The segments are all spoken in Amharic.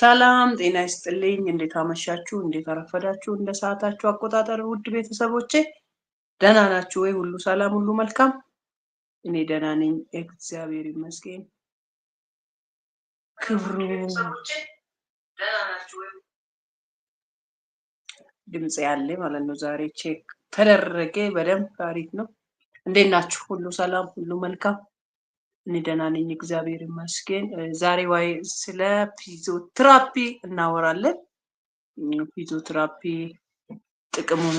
ሰላም ጤና ይስጥልኝ። እንዴት አመሻችሁ? እንዴት አረፈዳችሁ? እንደ ሰዓታችሁ አቆጣጠር ውድ ቤተሰቦቼ ደህና ናችሁ ወይ? ሁሉ ሰላም፣ ሁሉ መልካም። እኔ ደህና ነኝ፣ እግዚአብሔር ይመስገን። ክብሩ ድምፅ ያለ ማለት ነው። ዛሬ ቼክ ተደረገ፣ በደንብ አሪፍ ነው። እንዴት ናችሁ? ሁሉ ሰላም፣ ሁሉ መልካም እኔ ደህና ነኝ፣ እግዚአብሔር ይመስገን። ዛሬ ዋይ ስለ ፊዚዮቴራፒ እናወራለን። ፊዚዮቴራፒ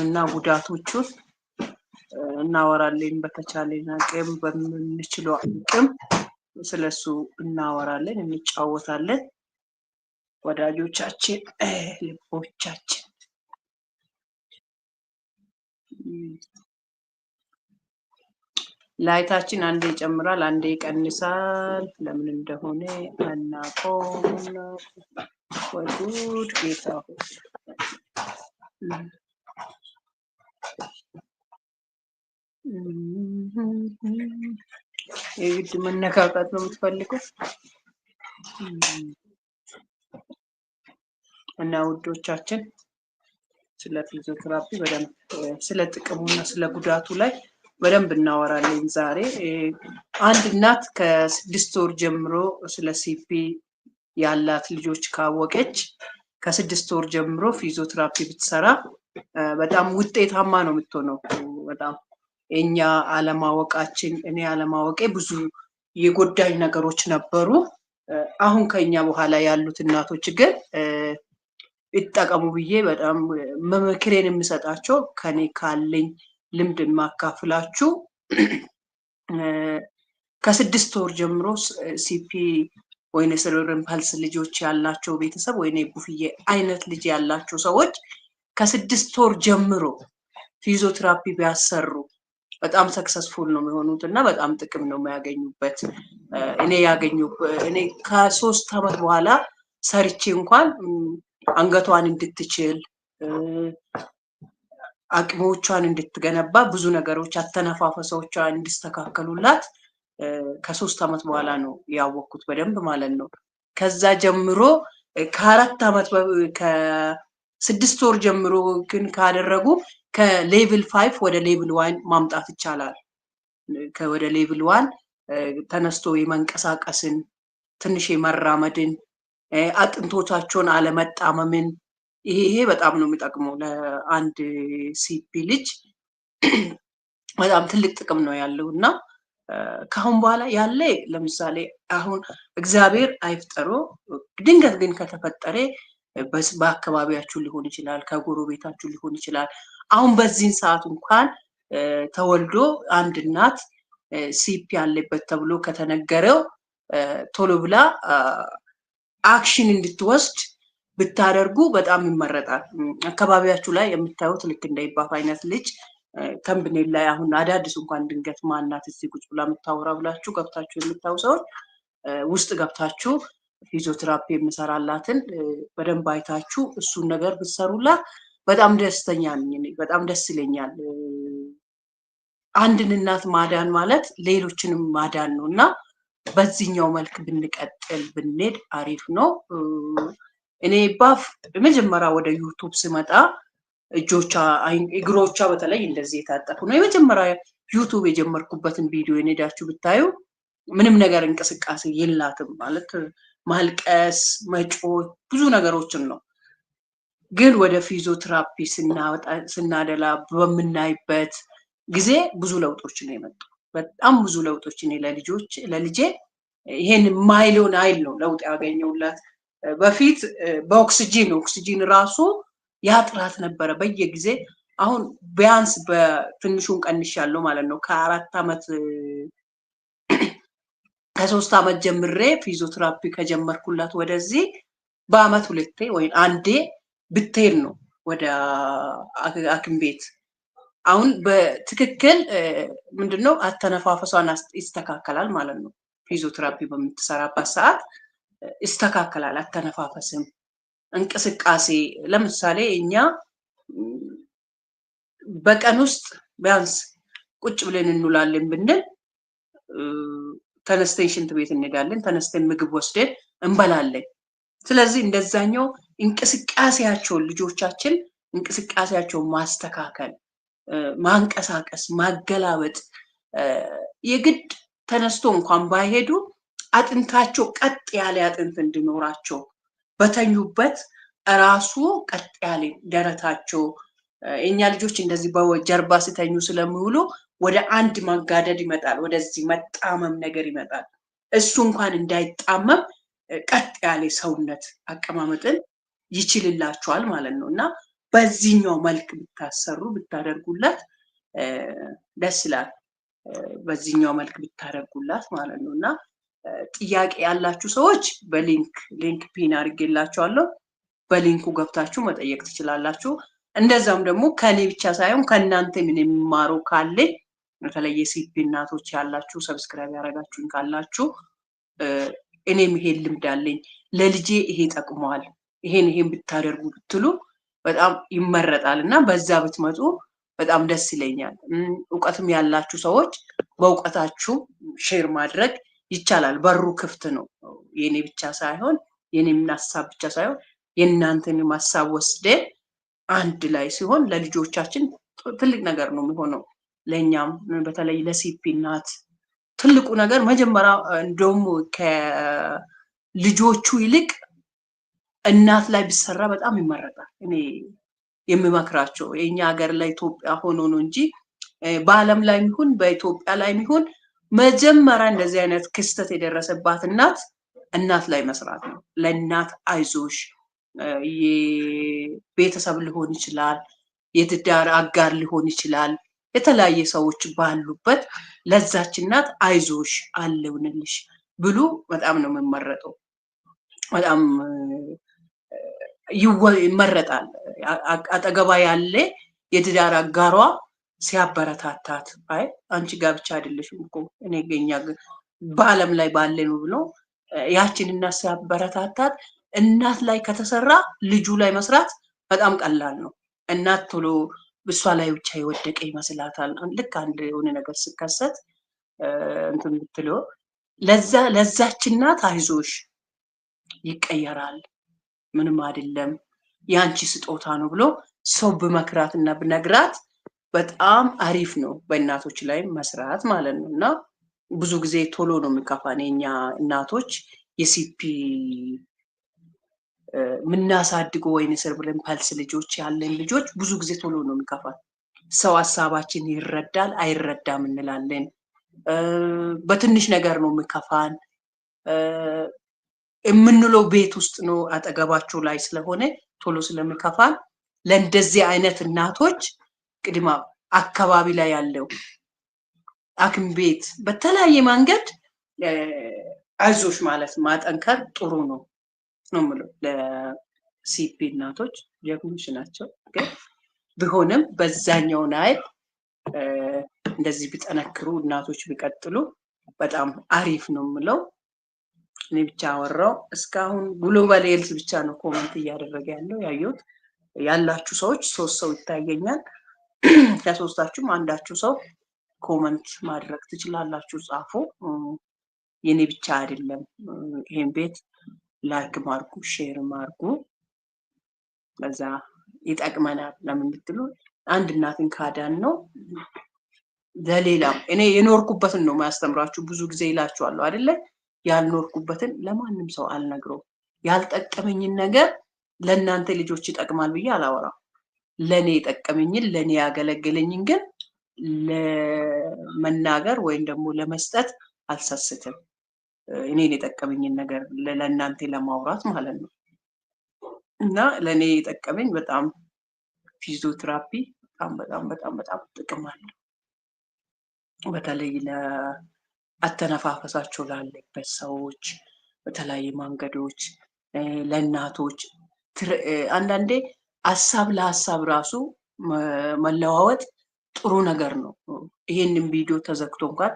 እና ጉዳቶቹን እናወራለን። በተቻለን አቅም በምንችለው አቅም ስለሱ እናወራለን፣ እንጫወታለን። ወዳጆቻችን፣ ልቦቻችን ላይታችን አንዴ ይጨምራል፣ አንዴ ይቀንሳል። ለምን እንደሆነ አናውቀውም። ወይ ጉድ ጌታ የግድ መነካካት ነው የምትፈልገው እና ውዶቻችን ስለ ፊዚዮቴራፒ በደንብ ስለ እና ስለ ጉዳቱ ላይ በደንብ እናወራለን። ዛሬ አንድ እናት ከስድስት ወር ጀምሮ ስለ ሲፒ ያላት ልጆች ካወቀች ከስድስት ወር ጀምሮ ፊዚዮትራፒ ብትሰራ በጣም ውጤታማ ነው የምትሆነው። በጣም እኛ አለማወቃችን እኔ አለማወቄ ብዙ የጎዳኝ ነገሮች ነበሩ። አሁን ከኛ በኋላ ያሉት እናቶች ግን ይጠቀሙ ብዬ በጣም መመክሬን የምሰጣቸው ከኔ ካለኝ ልምድ የማካፍላችሁ ከስድስት ወር ጀምሮ ሲፒ ወይ የሰሬብረም ፓልስ ልጆች ያላቸው ቤተሰብ ወይ የጉፍዬ አይነት ልጅ ያላቸው ሰዎች ከስድስት ወር ጀምሮ ፊዚዮቴራፒ ቢያሰሩ በጣም ሰክሰስፉል ነው የሚሆኑት እና በጣም ጥቅም ነው የሚያገኙበት። እኔ ያገኙ እኔ ከሶስት ዓመት በኋላ ሰርቼ እንኳን አንገቷን እንድትችል አቅሞቿን እንድትገነባ ብዙ ነገሮች አተነፋፈሰዎቿ እንዲስተካከሉላት ከሶስት ዓመት በኋላ ነው ያወቅኩት በደንብ ማለት ነው። ከዛ ጀምሮ ከአራት ዓመት ከስድስት ወር ጀምሮ ግን ካደረጉ ከሌቭል ፋይቭ ወደ ሌቭል ዋን ማምጣት ይቻላል። ወደ ሌቭል ዋን ተነስቶ የመንቀሳቀስን ትንሽ የመራመድን አጥንቶቻቸውን አለመጣመምን ይሄ በጣም ነው የሚጠቅመው ለአንድ ሲፒ ልጅ በጣም ትልቅ ጥቅም ነው ያለው እና ከአሁን በኋላ ያለ ለምሳሌ አሁን እግዚአብሔር አይፍጠሮ ድንገት ግን ከተፈጠረ በአካባቢያችሁ ሊሆን ይችላል፣ ከጎረቤታችሁ ሊሆን ይችላል። አሁን በዚህን ሰዓት እንኳን ተወልዶ አንድ እናት ሲፒ ያለበት ተብሎ ከተነገረው ቶሎ ብላ አክሽን እንድትወስድ ብታደርጉ በጣም ይመረጣል። አካባቢያችሁ ላይ የምታዩት ልክ እንደ ይባፍ አይነት ልጅ ተምብኔል ላይ አሁን አዳዲስ እንኳን ድንገት ማናት እዚህ ቁጭ ብላ የምታወራ ብላችሁ ገብታችሁ የምታዩ ሰዎች ውስጥ ገብታችሁ ፊዚዮትራፒ የምሰራላትን በደንብ አይታችሁ እሱን ነገር ብትሰሩላት በጣም ደስተኛ ነኝ። በጣም ደስ ይለኛል። አንድን እናት ማዳን ማለት ሌሎችንም ማዳን ነው እና በዚህኛው መልክ ብንቀጥል ብንሄድ አሪፍ ነው። እኔ ባፍ በመጀመሪያ ወደ ዩቱብ ስመጣ እጆቿ እግሮቿ በተለይ እንደዚህ የታጠፉ ነው። የመጀመሪያ ዩቱብ የጀመርኩበትን ቪዲዮ ሄዳችሁ ብታዩ ምንም ነገር እንቅስቃሴ የላትም ማለት ማልቀስ፣ መጮህ ብዙ ነገሮችን ነው። ግን ወደ ፊዚዮትራፒ ስናደላ በምናይበት ጊዜ ብዙ ለውጦች ነው የመጡ። በጣም ብዙ ለውጦች ለልጆች ለልጄ ይሄን ማይሊዮን አይል ነው ለውጥ ያገኘውላት በፊት በኦክስጂን ኦክስጂን ራሱ ያጥራት ነበረ በየጊዜ አሁን ቢያንስ በትንሹን ቀንሽ ያለው ማለት ነው። ከአራት ዓመት ከሶስት ዓመት ጀምሬ ፊዚዮትራፒ ከጀመርኩላት ወደዚህ በአመት ሁለቴ ወይም አንዴ ብትሄድ ነው ወደ ሐኪም ቤት። አሁን በትክክል ምንድነው አተነፋፈሷን ይስተካከላል ማለት ነው ፊዚዮትራፒ በምትሰራበት ሰዓት ይስተካከላል። አተነፋፈስም እንቅስቃሴ ለምሳሌ እኛ በቀን ውስጥ ቢያንስ ቁጭ ብለን እንውላለን ብንል ተነስተን ሽንት ቤት እንሄዳለን፣ ተነስተን ምግብ ወስደን እንበላለን። ስለዚህ እንደዛኛው እንቅስቃሴያቸውን ልጆቻችን እንቅስቃሴያቸውን ማስተካከል፣ ማንቀሳቀስ፣ ማገላበጥ የግድ ተነስቶ እንኳን ባይሄዱ አጥንታቸው ቀጥ ያለ አጥንት እንዲኖራቸው በተኙበት ራሱ ቀጥ ያለ ደረታቸው የእኛ ልጆች እንደዚህ በጀርባ ሲተኙ ስለሚውሉ ወደ አንድ ማጋደድ ይመጣል። ወደዚህ መጣመም ነገር ይመጣል። እሱ እንኳን እንዳይጣመም ቀጥ ያለ ሰውነት አቀማመጥን ይችልላቸዋል ማለት ነው እና በዚህኛው መልክ ብታሰሩ ብታደርጉላት ደስ ይላል። በዚህኛው መልክ ብታደርጉላት ማለት ነው እና ጥያቄ ያላችሁ ሰዎች በሊንክ ሊንክ ፒን አድርጌላችኋለሁ። በሊንኩ ገብታችሁ መጠየቅ ትችላላችሁ። እንደዛም ደግሞ ከኔ ብቻ ሳይሆን ከእናንተ ምን የሚማሩ ካለ በተለይ የሲፒ እናቶች ያላችሁ ሰብስክራይብ ያደረጋችሁኝ ካላችሁ እኔም ይሄን ልምድ አለኝ ለልጄ ይሄ ጠቅመዋል፣ ይሄን ይሄን ብታደርጉ ብትሉ በጣም ይመረጣል እና በዛ ብትመጡ በጣም ደስ ይለኛል። እውቀትም ያላችሁ ሰዎች በእውቀታችሁ ሼር ማድረግ ይቻላል። በሩ ክፍት ነው። የኔ ብቻ ሳይሆን የኔም ሀሳብ ብቻ ሳይሆን የእናንተን ሀሳብ ወስደን አንድ ላይ ሲሆን ለልጆቻችን ትልቅ ነገር ነው የሚሆነው። ለእኛም በተለይ ለሲፒ እናት ትልቁ ነገር መጀመሪያ እንደውም ከልጆቹ ይልቅ እናት ላይ ቢሰራ በጣም ይመረጣል። እኔ የሚመክራቸው የእኛ ሀገር ላይ ኢትዮጵያ ሆኖ ነው እንጂ በዓለም ላይ ይሁን በኢትዮጵያ ላይ ሚሆን መጀመሪያ እንደዚህ አይነት ክስተት የደረሰባት እናት እናት ላይ መስራት ነው። ለእናት አይዞሽ፣ ቤተሰብ ሊሆን ይችላል፣ የትዳር አጋር ሊሆን ይችላል፣ የተለያየ ሰዎች ባሉበት ለዛች እናት አይዞሽ አለውንልሽ ብሉ በጣም ነው የምመረጠው። በጣም ይመረጣል። አጠገባ ያለ የትዳር አጋሯ ሲያበረታታት አይ አንቺ ጋር ብቻ አይደለሽም እኮ እኔ ገኛ በአለም ላይ ባለ ነው ብሎ ያችን እናት ሲያበረታታት እናት ላይ ከተሰራ ልጁ ላይ መስራት በጣም ቀላል ነው። እናት ቶሎ እሷ ላይ ብቻ የወደቀ ይመስላታል። ልክ አንድ የሆነ ነገር ስከሰት እንትን ብትለው ለዛ ለዛች እናት አይዞሽ ይቀየራል፣ ምንም አይደለም፣ የአንቺ ስጦታ ነው ብሎ ሰው ብመክራት እና ብነግራት በጣም አሪፍ ነው። በእናቶች ላይ መስራት ማለት ነው እና ብዙ ጊዜ ቶሎ ነው የሚካፋን የኛ እናቶች የሲፒ የምናሳድገው ወይን ሰርብለን ፓልስ ልጆች ያለን ልጆች ብዙ ጊዜ ቶሎ ነው የሚከፋል። ሰው ሀሳባችን ይረዳል አይረዳም እንላለን። በትንሽ ነገር ነው የሚከፋን የምንለው ቤት ውስጥ ነው አጠገባቸው ላይ ስለሆነ ቶሎ ስለሚከፋል ለእንደዚህ አይነት እናቶች ቅድማ አካባቢ ላይ ያለው አክም ቤት በተለያየ መንገድ አይዞሽ ማለት ማጠንከር ጥሩ ነው ነው የምለው። ለሲፒ እናቶች ጀግኖች ናቸው። ቢሆንም በዛኛውን አይል እንደዚህ ቢጠነክሩ እናቶች ቢቀጥሉ በጣም አሪፍ ነው የምለው። እኔ ብቻ አወራው። እስካሁን ግሎባል ሄልዝ ብቻ ነው ኮመንት እያደረገ ያለው ያየሁት። ያላችሁ ሰዎች ሶስት ሰው ይታየኛል። ከሶስታችሁም አንዳችሁ ሰው ኮመንት ማድረግ ትችላላችሁ። ጻፉ። የኔ ብቻ አይደለም። ይሄን ቤት ላይክ ማርጉ፣ ሼር ማርጉ። ከዛ ይጠቅመናል ለምን ብትሉ አንድ እናትን ካዳን ነው ለሌላም እኔ የኖርኩበትን ነው ማያስተምራችሁ። ብዙ ጊዜ ይላችኋለሁ አይደለ? ያልኖርኩበትን ለማንም ሰው አልነግረው። ያልጠቀመኝን ነገር ለእናንተ ልጆች ይጠቅማል ብዬ አላወራም። ለእኔ የጠቀመኝን ለእኔ ያገለገለኝን ግን ለመናገር ወይም ደግሞ ለመስጠት አልሳስትም። እኔን የጠቀመኝን ነገር ለእናንተ ለማውራት ማለት ነው። እና ለእኔ የጠቀመኝ በጣም ፊዚዮቴራፒ በጣም በጣም በጣም በጣም ጥቅም አለው። በተለይ ለአተነፋፈሳቸው ላለበት ሰዎች በተለያዩ መንገዶች ለእናቶች አንዳንዴ ሀሳብ ለሀሳብ ራሱ መለዋወጥ ጥሩ ነገር ነው። ይህንን ቪዲዮ ተዘግቶ እንኳን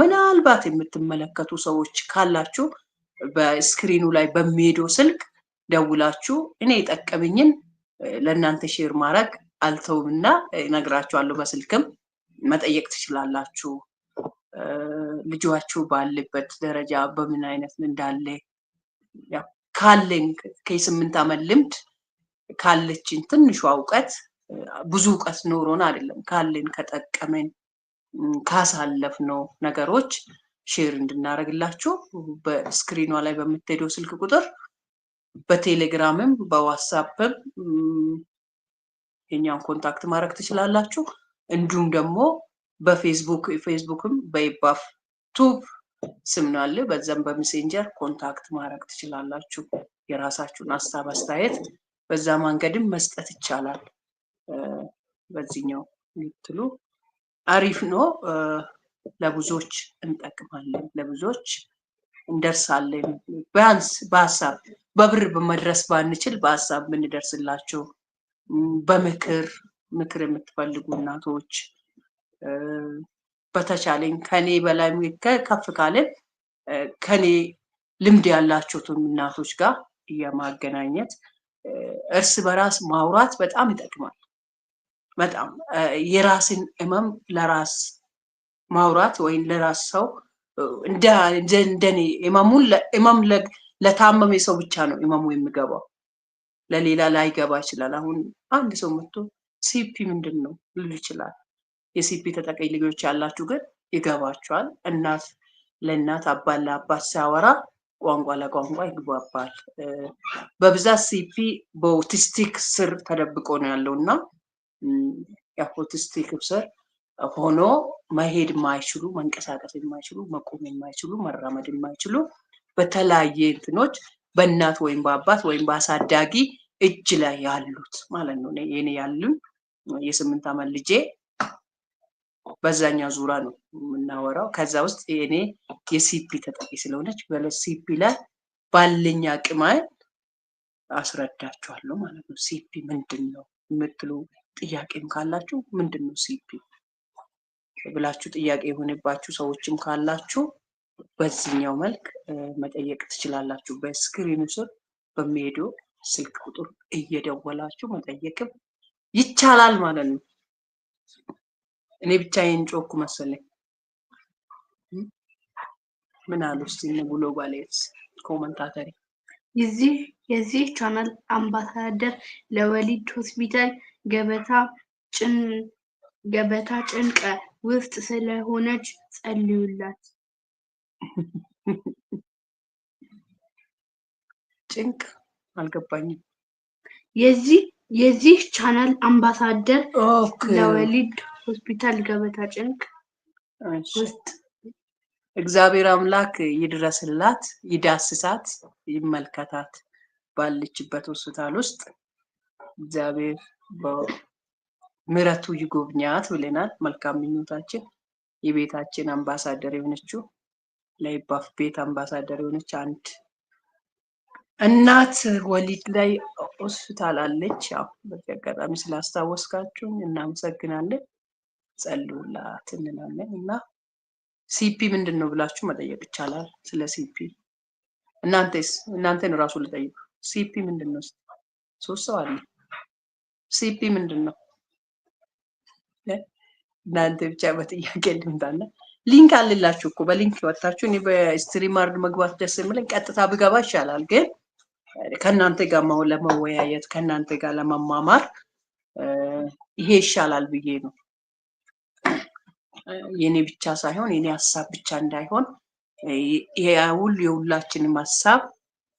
ምናልባት የምትመለከቱ ሰዎች ካላችሁ በስክሪኑ ላይ በሚሄደው ስልክ ደውላችሁ እኔ የጠቀመኝን ለእናንተ ሼር ማድረግ አልተውምና ነግራችኋለሁ። በስልክም መጠየቅ ትችላላችሁ። ልጇችሁ ባለበት ደረጃ በምን አይነት እንዳለ ካለኝ ከስምንት ዓመት ልምድ ካለችን ትንሿ እውቀት ብዙ እውቀት ኖሮን አይደለም ካለን ከጠቀመን ካሳለፍነው ነገሮች ሼር እንድናደርግላችሁ በስክሪኗ ላይ በምትሄደው ስልክ ቁጥር በቴሌግራምም በዋትሳፕም የኛን ኮንታክት ማድረግ ትችላላችሁ። እንዲሁም ደግሞ በፌስቡክ ፌስቡክም በይባፍ ቱብ ስምናለ በዛም በሜሴንጀር ኮንታክት ማድረግ ትችላላችሁ። የራሳችሁን ሀሳብ አስተያየት በዛ መንገድም መስጠት ይቻላል። በዚህኛው የምትሉ አሪፍ ነው። ለብዙዎች እንጠቅማለን፣ ለብዙዎች እንደርሳለን። ቢያንስ በሀሳብ በብር መድረስ ባንችል በሀሳብ የምንደርስላቸው በምክር ምክር የምትፈልጉ እናቶች በተቻለኝ ከኔ በላይ ከፍ ካለን ከኔ ልምድ ያላችሁትም እናቶች ጋር የማገናኘት እርስ በራስ ማውራት በጣም ይጠቅማል። በጣም የራስን ህመም ለራስ ማውራት ወይም ለራስ ሰው እንደኔ ህመም ለታመመ ሰው ብቻ ነው ህመሙ የሚገባው፣ ለሌላ ላይገባ ይችላል። አሁን አንድ ሰው መጥቶ ሲፒ ምንድን ነው ልሉ ይችላል። የሲፒ ተጠቂ ልጆች ያላችሁ ግን ይገባችኋል። እናት ለእናት አባት ለአባት ሲያወራ ቋንቋ ለቋንቋ ይግባባል። በብዛት ሲፒ በኦቲስቲክ ስር ተደብቆ ነው ያለው እና ኦቲስቲክ ስር ሆኖ መሄድ የማይችሉ መንቀሳቀስ የማይችሉ መቆም የማይችሉ መራመድ የማይችሉ በተለያየ እንትኖች በእናት ወይም በአባት ወይም በአሳዳጊ እጅ ላይ ያሉት ማለት ነው። ይኔ ያሉን የስምንት ዓመት ልጄ በዛኛው ዙራ ነው የምናወራው። ከዛ ውስጥ እኔ የሲፒ ተጠቂ ስለሆነች በሲፒ ላይ ባለኝ አቅም አስረዳችኋለሁ ማለት ነው። ሲፒ ምንድን ነው የምትሉ ጥያቄም ካላችሁ ምንድን ነው ሲፒ ብላችሁ ጥያቄ የሆነባችሁ ሰዎችም ካላችሁ በዚህኛው መልክ መጠየቅ ትችላላችሁ። በስክሪኑ ስር በሚሄዱ ስልክ ቁጥር እየደወላችሁ መጠየቅም ይቻላል ማለት ነው። እኔ ብቻዬን ጮኩ መሰለኝ። ምን አሉ ስ እነ ጉሎባሌትስ ኮመንታተሪ የዚህ የዚህ ቻናል አምባሳደር ለወሊድ ሆስፒታል ገበታ ጭን ገበታ ጭንቀ ውስጥ ስለሆነች ጸልዩላት። ጭንቅ አልገባኝም። የዚህ የዚህ ቻናል አምባሳደር ለወሊድ ሆስፒታል ገበታ ጭንቅ ውስጥ እግዚአብሔር አምላክ ይድረስላት፣ ይዳስሳት፣ ይመልከታት። ባለችበት ሆስፒታል ውስጥ እግዚአብሔር ምረቱ ይጎብኛት ብለናል። መልካም ምኞታችን የቤታችን አምባሳደር የሆነችው ለይባፍ ቤት አምባሳደር የሆነች አንድ እናት ወሊድ ላይ ሆስፒታል አለች። ያው በዚህ አጋጣሚ ስላስታወስካችሁ እናመሰግናለን። ጸልዩላት እንላለን እና ሲፒ ምንድን ነው ብላችሁ መጠየቅ ይቻላል። ስለ ሲፒ እናንተስ እናንተን እራሱ ልጠይቅ። ሲፒ ምንድን ነው? ሶስት ሰው አለ። ሲፒ ምንድን ነው? እናንተ ብቻ በጥያቄ ልምጣና ሊንክ አልላችሁ እኮ በሊንክ ወጥታችሁ እኔ በስትሪማርድ መግባት ደስ የምለኝ ቀጥታ ብገባ ይሻላል። ግን ከእናንተ ጋር ለመወያየት ከእናንተ ጋር ለመማማር ይሄ ይሻላል ብዬ ነው። የኔ ብቻ ሳይሆን የኔ ሀሳብ ብቻ እንዳይሆን ሁሉ የሁላችንም ሀሳብ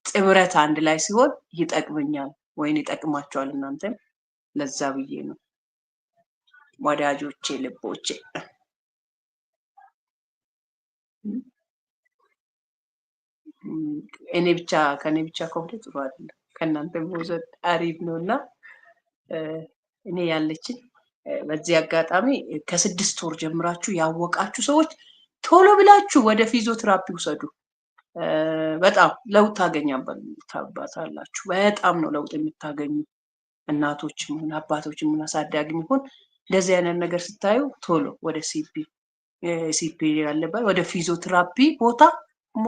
ጥምረት አንድ ላይ ሲሆን ይጠቅመኛል ወይም ይጠቅማቸዋል። እናንተም ለዛ ብዬ ነው ወዳጆቼ ልቦቼ። እኔ ብቻ ከእኔ ብቻ ከሆነ ጥሩ አይደለም። ከእናንተ መውሰድ አሪፍ ነው እና እኔ ያለችን በዚህ አጋጣሚ ከስድስት ወር ጀምራችሁ ያወቃችሁ ሰዎች ቶሎ ብላችሁ ወደ ፊዚዮትራፒ ውሰዱ። በጣም ለውጥ ታገኛባታላችሁ። በጣም ነው ለውጥ የምታገኙ እናቶች ሆን አባቶች ሆን አሳዳጊ ሆን እንደዚህ አይነት ነገር ስታዩ ቶሎ ወደ ሲፒ ሲፒ ያለበት ወደ ፊዚዮትራፒ ቦታ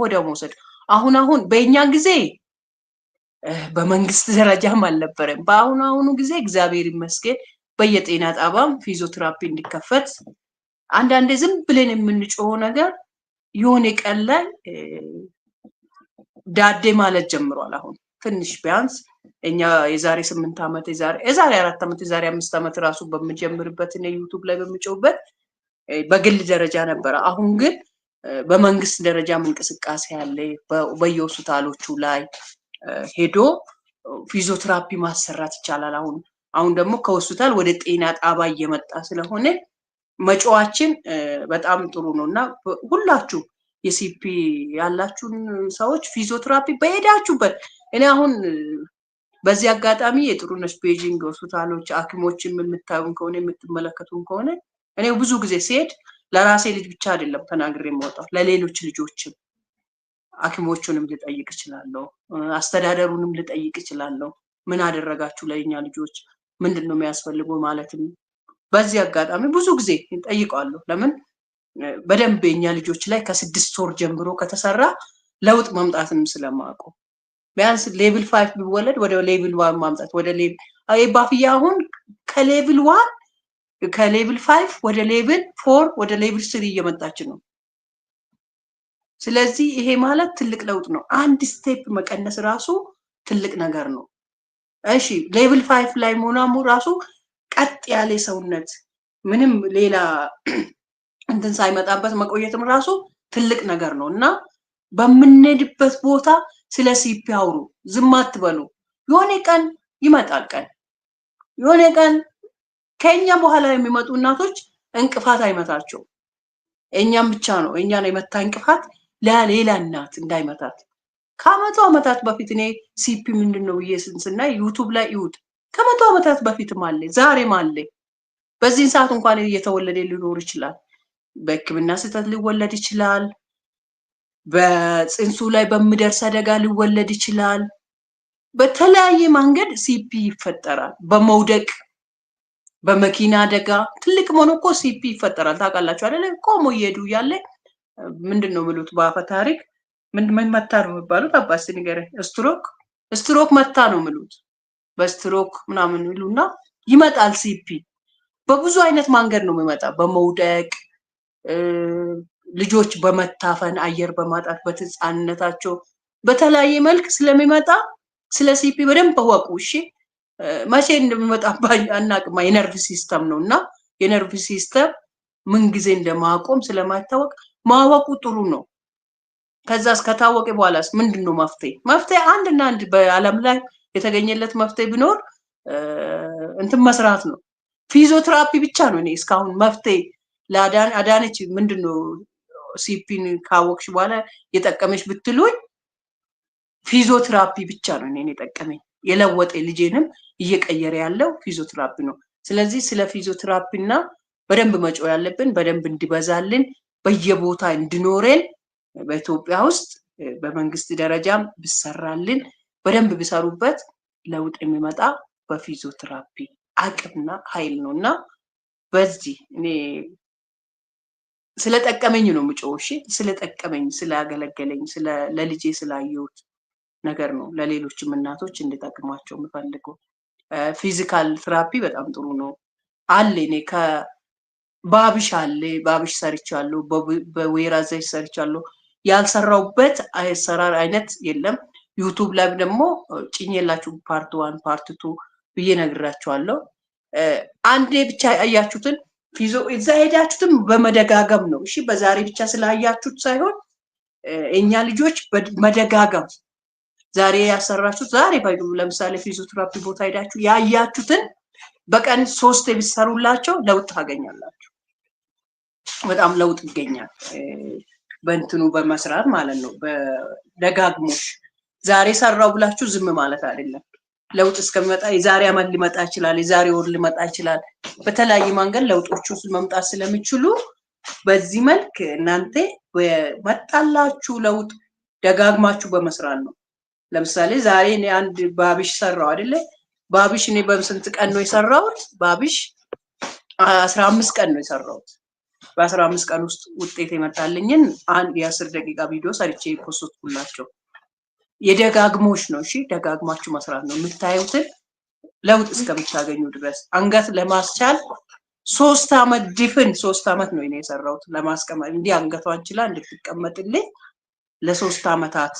ወደ መውሰድ አሁን አሁን በእኛ ጊዜ በመንግስት ደረጃም አልነበረም። በአሁኑ አሁኑ ጊዜ እግዚአብሔር ይመስገን በየጤና ጣቢያም ፊዚዮቴራፒ እንዲከፈት አንዳንዴ ዝም ብለን የምንጮኸው ነገር የሆነ ቀን ላይ ዳዴ ማለት ጀምሯል። አሁን ትንሽ ቢያንስ እኛ የዛሬ ስምንት ዓመት የዛሬ አራት ዓመት የዛሬ አምስት ዓመት ራሱ በምጀምርበት ዩቱብ ላይ በምጮውበት በግል ደረጃ ነበረ። አሁን ግን በመንግስት ደረጃም እንቅስቃሴ ያለ በየሆስፒታሎቹ ላይ ሄዶ ፊዚዮቴራፒ ማሰራት ይቻላል አሁን አሁን ደግሞ ከሆስፒታል ወደ ጤና ጣባ እየመጣ ስለሆነ መጫዋችን በጣም ጥሩ ነው እና ሁላችሁ የሲፒ ያላችሁን ሰዎች ፊዚዮትራፒ በሄዳችሁበት እኔ አሁን በዚህ አጋጣሚ የጥሩነሽ ቤጂንግ ሆስፒታሎች ሐኪሞችን የምታዩን ከሆነ የምትመለከቱን ከሆነ እኔ ብዙ ጊዜ ሲሄድ ለራሴ ልጅ ብቻ አይደለም ተናግሬ የምወጣው ለሌሎች ልጆችም ሐኪሞቹንም ልጠይቅ እችላለሁ፣ አስተዳደሩንም ልጠይቅ እችላለሁ። ምን አደረጋችሁ ለኛ ልጆች? ምንድን ነው የሚያስፈልገው ማለትም በዚህ አጋጣሚ ብዙ ጊዜ ጠይቀዋለሁ። ለምን በደንብ የኛ ልጆች ላይ ከስድስት ወር ጀምሮ ከተሰራ ለውጥ መምጣትም ስለማውቁ ቢያንስ ሌቭል ፋይቭ ቢወለድ ወደ ሌቭል ዋን ማምጣት ወደ ባፍያ አሁን ከሌቭል ዋን ከሌቭል ፋይቭ ወደ ሌቭል ፎር ወደ ሌቭል ስሪ እየመጣች ነው። ስለዚህ ይሄ ማለት ትልቅ ለውጥ ነው። አንድ ስቴፕ መቀነስ ራሱ ትልቅ ነገር ነው። እሺ ሌቭል ፋይፍ ላይ መሆናሙ ራሱ ቀጥ ያለ ሰውነት ምንም ሌላ እንትን ሳይመጣበት መቆየትም ራሱ ትልቅ ነገር ነው እና በምንሄድበት ቦታ ስለ ሲፒ አውሩ፣ ዝም አትበሉ። የሆነ ቀን ይመጣል ቀን የሆነ ቀን ከእኛ በኋላ የሚመጡ እናቶች እንቅፋት አይመታቸው። እኛም ብቻ ነው እኛን የመታ እንቅፋት ለሌላ እናት እንዳይመታት ከመቶ ዓመታት በፊት እኔ ሲፒ ምንድን ነው ብዬ ስንስና ዩቱብ ላይ ይዩት። ከመቶ ዓመታት በፊትም አለ ዛሬም አለ። በዚህን ሰዓት እንኳን እየተወለደ ሊኖር ይችላል። በሕክምና ስህተት ሊወለድ ይችላል። በፅንሱ ላይ በሚደርስ አደጋ ሊወለድ ይችላል። በተለያየ መንገድ ሲፒ ይፈጠራል። በመውደቅ በመኪና አደጋ ትልቅ መሆኑ እኮ ሲፒ ይፈጠራል። ታውቃላችሁ አይደለ? ቆሞ እየሄዱ እያለ ምንድን ነው የሚሉት በአፈ ታሪክ ምን መታ ነው የሚባሉት? አባት ንገረኝ። ስትሮክ ስትሮክ መታ ነው የሚሉት በስትሮክ ምናምን ይሉና ይመጣል። ሲፒ በብዙ አይነት መንገድ ነው የሚመጣ፣ በመውደቅ ልጆች በመታፈን አየር በማጣት በህፃንነታቸው በተለያየ መልክ ስለሚመጣ ስለ ሲፒ በደንብ አወቁ። እሺ መቼ እንደሚመጣ አናቅማ የነርቭ ሲስተም ነው እና የነርቭ ሲስተም ምንጊዜ እንደማቆም ስለማይታወቅ ማወቁ ጥሩ ነው። ከዛስ ከታወቀ በኋላስ ምንድን ነው መፍትሄ? መፍትሄ እና አንድ በዓለም ላይ የተገኘለት መፍትሄ ቢኖር እንትን መስራት ነው። ፊዚዮቴራፒ ብቻ ነው። እኔ እስካሁን መፍትሄ ለአዳነች ምንድን ነው ሲፒን ካወቅሽ በኋላ የጠቀመች ብትሉኝ ፊዚዮቴራፒ ብቻ ነው እኔን የጠቀመኝ የለወጠ ልጄንም እየቀየረ ያለው ፊዚዮቴራፒ ነው። ስለዚህ ስለ ፊዚዮቴራፒ እና በደንብ መጮ ያለብን በደንብ እንዲበዛልን በየቦታ እንዲኖረን በኢትዮጵያ ውስጥ በመንግስት ደረጃም ብሰራልን በደንብ ቢሰሩበት ለውጥ የሚመጣ በፊዚዮቴራፒ አቅምና ኃይል ነው እና በዚህ እኔ ስለጠቀመኝ ነው ምጮ እሺ፣ ስለጠቀመኝ፣ ስላገለገለኝ፣ ለልጄ ስላየሁት ነገር ነው ለሌሎችም እናቶች እንድጠቅማቸው የምፈልገው። ፊዚካል ትራፒ በጣም ጥሩ ነው አለ። እኔ ከባብሽ አለ፣ ባብሽ ሰርቻለሁ፣ በወይራ ዘይት ሰርቻለሁ። ያልሰራውበት አሰራር አይነት የለም። ዩቱብ ላይ ደግሞ ጭኝ የላችሁ ፓርት ዋን ፓርት ቱ ብዬ ነግራችኋለሁ። አንዴ ብቻ ያያችሁትን ፊዞ እዛ ሄዳችሁትን በመደጋገም ነው። እሺ በዛሬ ብቻ ስላያችሁት ሳይሆን እኛ ልጆች መደጋገም ዛሬ ያሰራችሁት ዛሬ ለምሳሌ ፊዚዮቴራፒ ቦታ ሄዳችሁ ያያችሁትን በቀን ሶስት የሚሰሩላቸው ለውጥ ታገኛላችሁ። በጣም ለውጥ ይገኛል። በእንትኑ በመስራት ማለት ነው። ደጋግሞ ዛሬ ሰራው ብላችሁ ዝም ማለት አይደለም። ለውጥ እስከሚመጣ የዛሬ አመት ሊመጣ ይችላል፣ የዛሬ ወር ሊመጣ ይችላል። በተለያየ መንገድ ለውጦቹ መምጣት ስለሚችሉ በዚህ መልክ እናንተ መጣላችሁ ለውጥ ደጋግማችሁ በመስራት ነው። ለምሳሌ ዛሬ እኔ አንድ ባብሽ ሰራው አይደለ? ባብሽ እኔ በስንት ቀን ነው የሰራሁት? ባብሽ አስራ አምስት ቀን ነው የሰራሁት። በአስራ አምስት ቀን ውስጥ ውጤት የመጣልኝን አንድ የአስር ደቂቃ ቪዲዮ ሰርቼ የፖስትኩላቸው የደጋግሞች ነው። እሺ ደጋግማችሁ መስራት ነው የምታዩትን ለውጥ እስከምታገኙ ድረስ አንገት ለማስቻል ሶስት አመት ድፍን ሶስት አመት ነው እኔ የሰራሁት ለማስቀመጥ እንዲህ አንገቷን ችላ እንድትቀመጥልኝ ለሶስት አመታት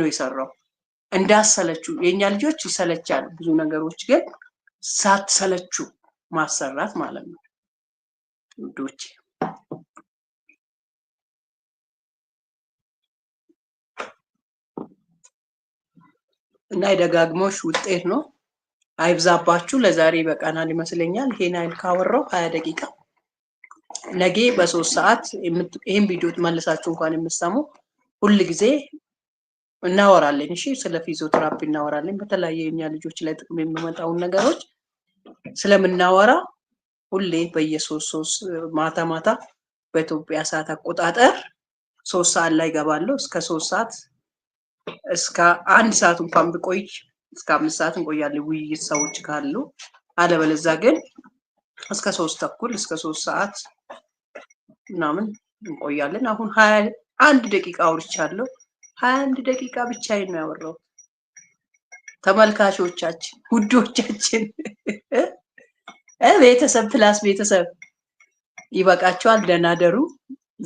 ነው የሰራው። እንዳሰለችው የእኛ ልጆች ይሰለቻል ብዙ ነገሮች፣ ግን ሳትሰለችው ማሰራት ማለት ነው ውዶቼ። እና የደጋግሞሽ ውጤት ነው። አይብዛባችሁ። ለዛሬ በቃናል ይመስለኛል። ይሄን አይል ካወራው ሀያ ደቂቃ ነገ በሶስት ሰዓት ይህን ቪዲዮ መልሳችሁ እንኳን የምትሰሙ ሁል ጊዜ እናወራለን። እሺ፣ ስለ ፊዚዮቴራፒ እናወራለን። በተለያየ የኛ ልጆች ላይ ጥቅም የሚመጣውን ነገሮች ስለምናወራ ሁሌ በየሶስት ሶስት ማታ ማታ በኢትዮጵያ ሰዓት አቆጣጠር ሶስት ሰዓት ላይ ይገባለሁ እስከ ሶስት ሰዓት እስከ አንድ ሰዓት እንኳን ብቆይ እስከ አምስት ሰዓት እንቆያለን ውይይት ሰዎች ካሉ፣ አለበለዛ ግን እስከ ሶስት ተኩል እስከ ሶስት ሰዓት ምናምን እንቆያለን። አሁን ሀያ አንድ ደቂቃ አውርቻለሁ። ሀያ አንድ ደቂቃ ብቻዬን ነው ያወራው። ተመልካቾቻችን ውዶቻችን ቤተሰብ ፕላስ ቤተሰብ ይበቃቸዋል። ደህና ደሩ።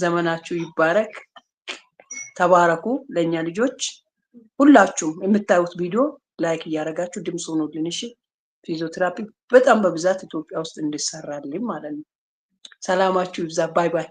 ዘመናችሁ ይባረክ። ተባረኩ። ለእኛ ልጆች ሁላችሁም የምታዩት ቪዲዮ ላይክ እያደረጋችሁ ድምፅ ሆኖልን፣ ግንሽ ፊዚዮቴራፒ በጣም በብዛት ኢትዮጵያ ውስጥ እንዲሰራልኝ ማለት ነው። ሰላማችሁ ይብዛ። ባይ ባይ።